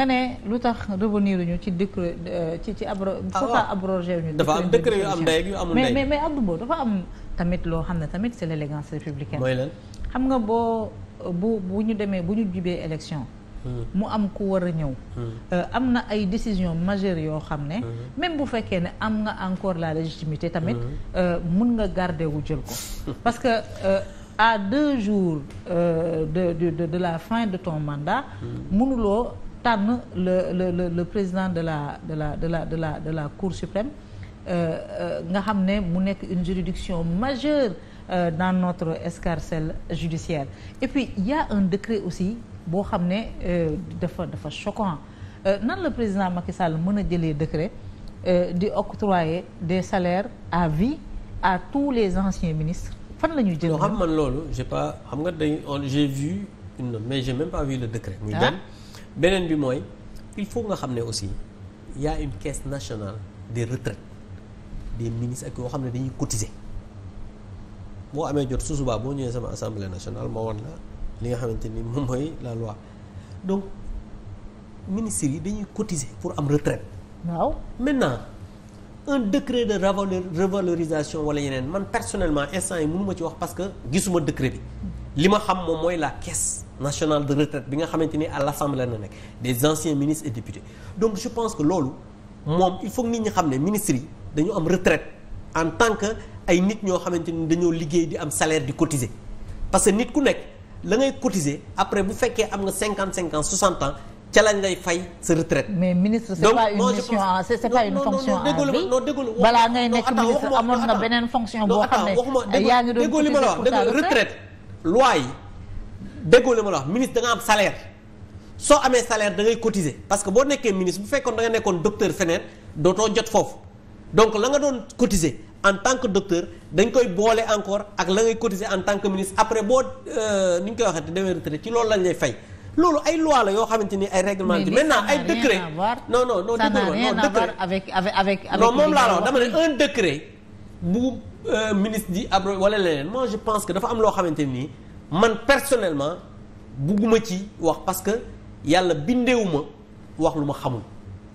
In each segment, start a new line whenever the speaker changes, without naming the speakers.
nga ne lu tax revenir ñu ci décret euh, ci ci abro pourquoi ah, ñu dafa am décret yu am ndey mais mais Abdou Mbow dafa am tamit loo xam ne tamit c'est l'élégance républicaine mooy xam nga boo bu bu ñu demee bu ñu jubee élection hmm. mu am ku war a ñëw hmm. euh, am na ay décision majeure yoo xam ne hmm. même bu fekkee ne am nga encore la légitimité tamit euh, mun nga garder wu jël ko parce que euh, à deux jours euh, de, de de de la fin de ton mandat mënuloo tànn le le le le président de la de la de la de la de la cour suprême euh, euh, nga xam ne mu nekk une juridiction majeure euh, dans notre escarcelle judiciaire et puis il y un décret aussi boo xam ne euh, dafa dafa choquant nan la président Macky Sall mën a jëlee décret di octroyer des salaires à vie à tous les anciens ministres fan la ñuy jël xam
man loolu j'ai pas xam nga dañ j'ai vu une mais j'ai même pas vu le décret muy ah. benn beneen bi mooy il faut nga xam ne aussi y une caisse nationale des retraites des ministres ak yoo xam ne dañuy cotiser boo amee jot su boo ñëwee sama assemblée nationale moo wan la li nga xamante ni moom mooy la loi donc ministres yi dañuy cotiser pour am retraite waaw maintenant un décret de revalorisation wala yeneen man personnellement instant yi mënuma ci wax parce que gisuma décret bi li ma xam moom mooy la caisse nationale de retraite bi nga xamante ni à l'assemblée na nekk des anciens ministres et députés donc je pense que loolu moom il faut nit ñi xam ne ministres yi dañu am retrait en tant que ay nit ñoo xamante ni dañoo liggéey di am salaire di cotiser parce que nit ku nekk la ngay cotiser après bu fekkee am nga cinquante cinq ans soixante ans ca lañ lay fay sa retraite. mais ministre c'est pas une
fonction à vie non déggoo
loi yi déggoo li ma la wax ministre da am salaire soo amee salaire da ngay cotiser parce que boo nekkee ministre bu fekkoon da nga nekkoon docteur feneen dootoo jot foofu donc la nga doon cotiser en tant que docteur dañ koy boole encore ak la ngay cotiser en tant que ministre après boo euh, ni ñu koy waxee te demee retraite ci loolu lañ lay fay loolu ay loi la yoo xamante ni ay règlement maintenant ay décret non non non déggoo ma non décret avec avec avec non moom laa la wax dama ne Euh, ministre di abro wala leneen moi je pense que dafa am loo xamante nii man personnellement bugguma ci wax parce que yàlla bindewuma wax lu ma xamul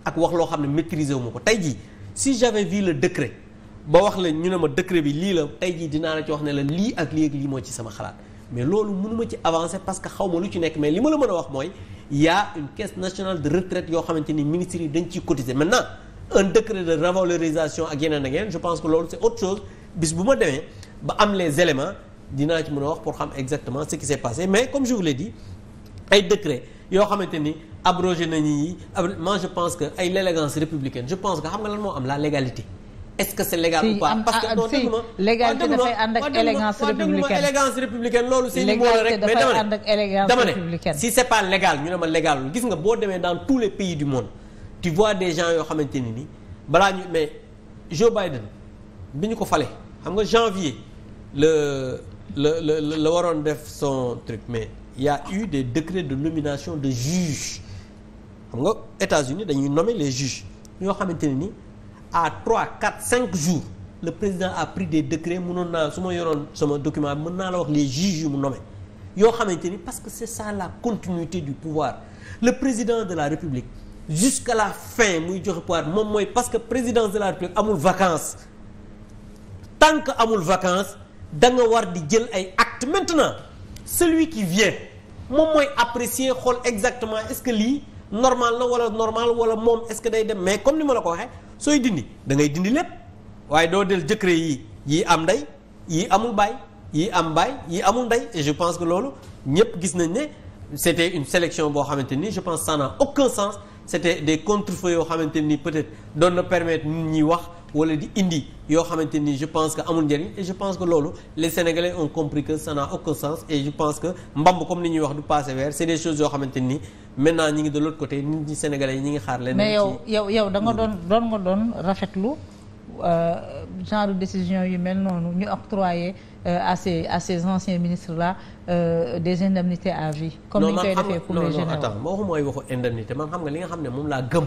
ak wax loo xam ne maîtriser wu ma ko tey jii si j'avais vu le décret ba wax la ñu ne ma décret bi lii la tey jii dinaa la ci wax ne la lii ak lii ak lii moo ci sama xalaat mais loolu mënuma ci avancer parce que xaw ma lu ci nekk mais li ma la mën a wax mooy y a une caisse nationale de retraite yoo xamante ni ministres yi dañ ciy cotiser maintenant un décret de revalorisation ak yeneen ak je pense que loolu bis bu ma demee ba am les éléments dinaa ci mën a wax pour xam exactement ce qui s'est passé mais comme je vous l'ai dit ay décret yoo xamante ni abrogé nañu yi moi je pense que ay l'élégance républicaine je pense que xam nga lan moo am la légalité est-ce que c'est légal si, ou pas parce que ah,
non dégg ma légalité dafay ànd ak élégance
républicaine loolu seen i mool rek mais dama
ne dama
ne si c'est pas légal ñu ne ma légal gis nga boo demee dans ni balaa ñu mais Joe bi ñu ko fale xam nga janvier le la la la waroon def son truc mais il y a eu des décrets de nomination de juges xam nga États-Unis dañuy nommer les juges ñoo xamante ne ni à 3 4 cinq jours le président a pris des décrets mënoon naa su ma yoroon sama document mën naa la wax les juges yu mu nommé yoo xamante ni parce que c'est ça la continuité du pouvoir le président de la République jusqu'à la fin muy joxe pouvoir moom mooy parce que présidence de la République amul vacances tant que amul vacance da nga war di jël ay actes maintenant celui qui vient moom mooy apprécier xool exactement est-ce que lii normal la wala normal wala moom est-ce que day dem mais comme ni ma la ko waxee sooy dindi dangay dindi lépp waaye doo del décret yi yi am ndey yi amul baay yi am baay yi amul ndey je pense que loolu ñëpp gis nañ ne c'était une sélection boo xamante ni je pense ça n'a aucun sens c'était des contrefeux yoo xamante ni peut-être doon na permettre nit ñi wax wala di indi yoo xamante ni je pense que amul njëriñ et je pense que loolu les sénégalais ont compris que ça n'a sens et je pense que mbamb comme ni ñuy wax du passé vert c'est des choses yoo xamante ni maintenant ñi ngi de l'autre côté nit ñi sénégalais yi ñi ngi xaar leen mais yow
yow yow da nga mm. doon doon nga doon rafetlu euh, genre décision yi mel noonu ñu octroyer euh, à ces à ces anciens ministres là euh, des indemnités à vie. comme ni ñu koy defee pour les généraux non attends
ma waxuma xam nga li nga xam ne moom laa gëm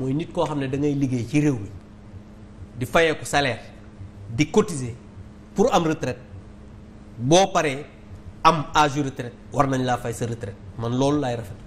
mooy nit koo xam ne da ngay liggéey ci réew mi. di fayeeku salaire di cotiser pour am retraite boo paree am âge retraite war nañ laa fay sa retraite man loolu laay rafet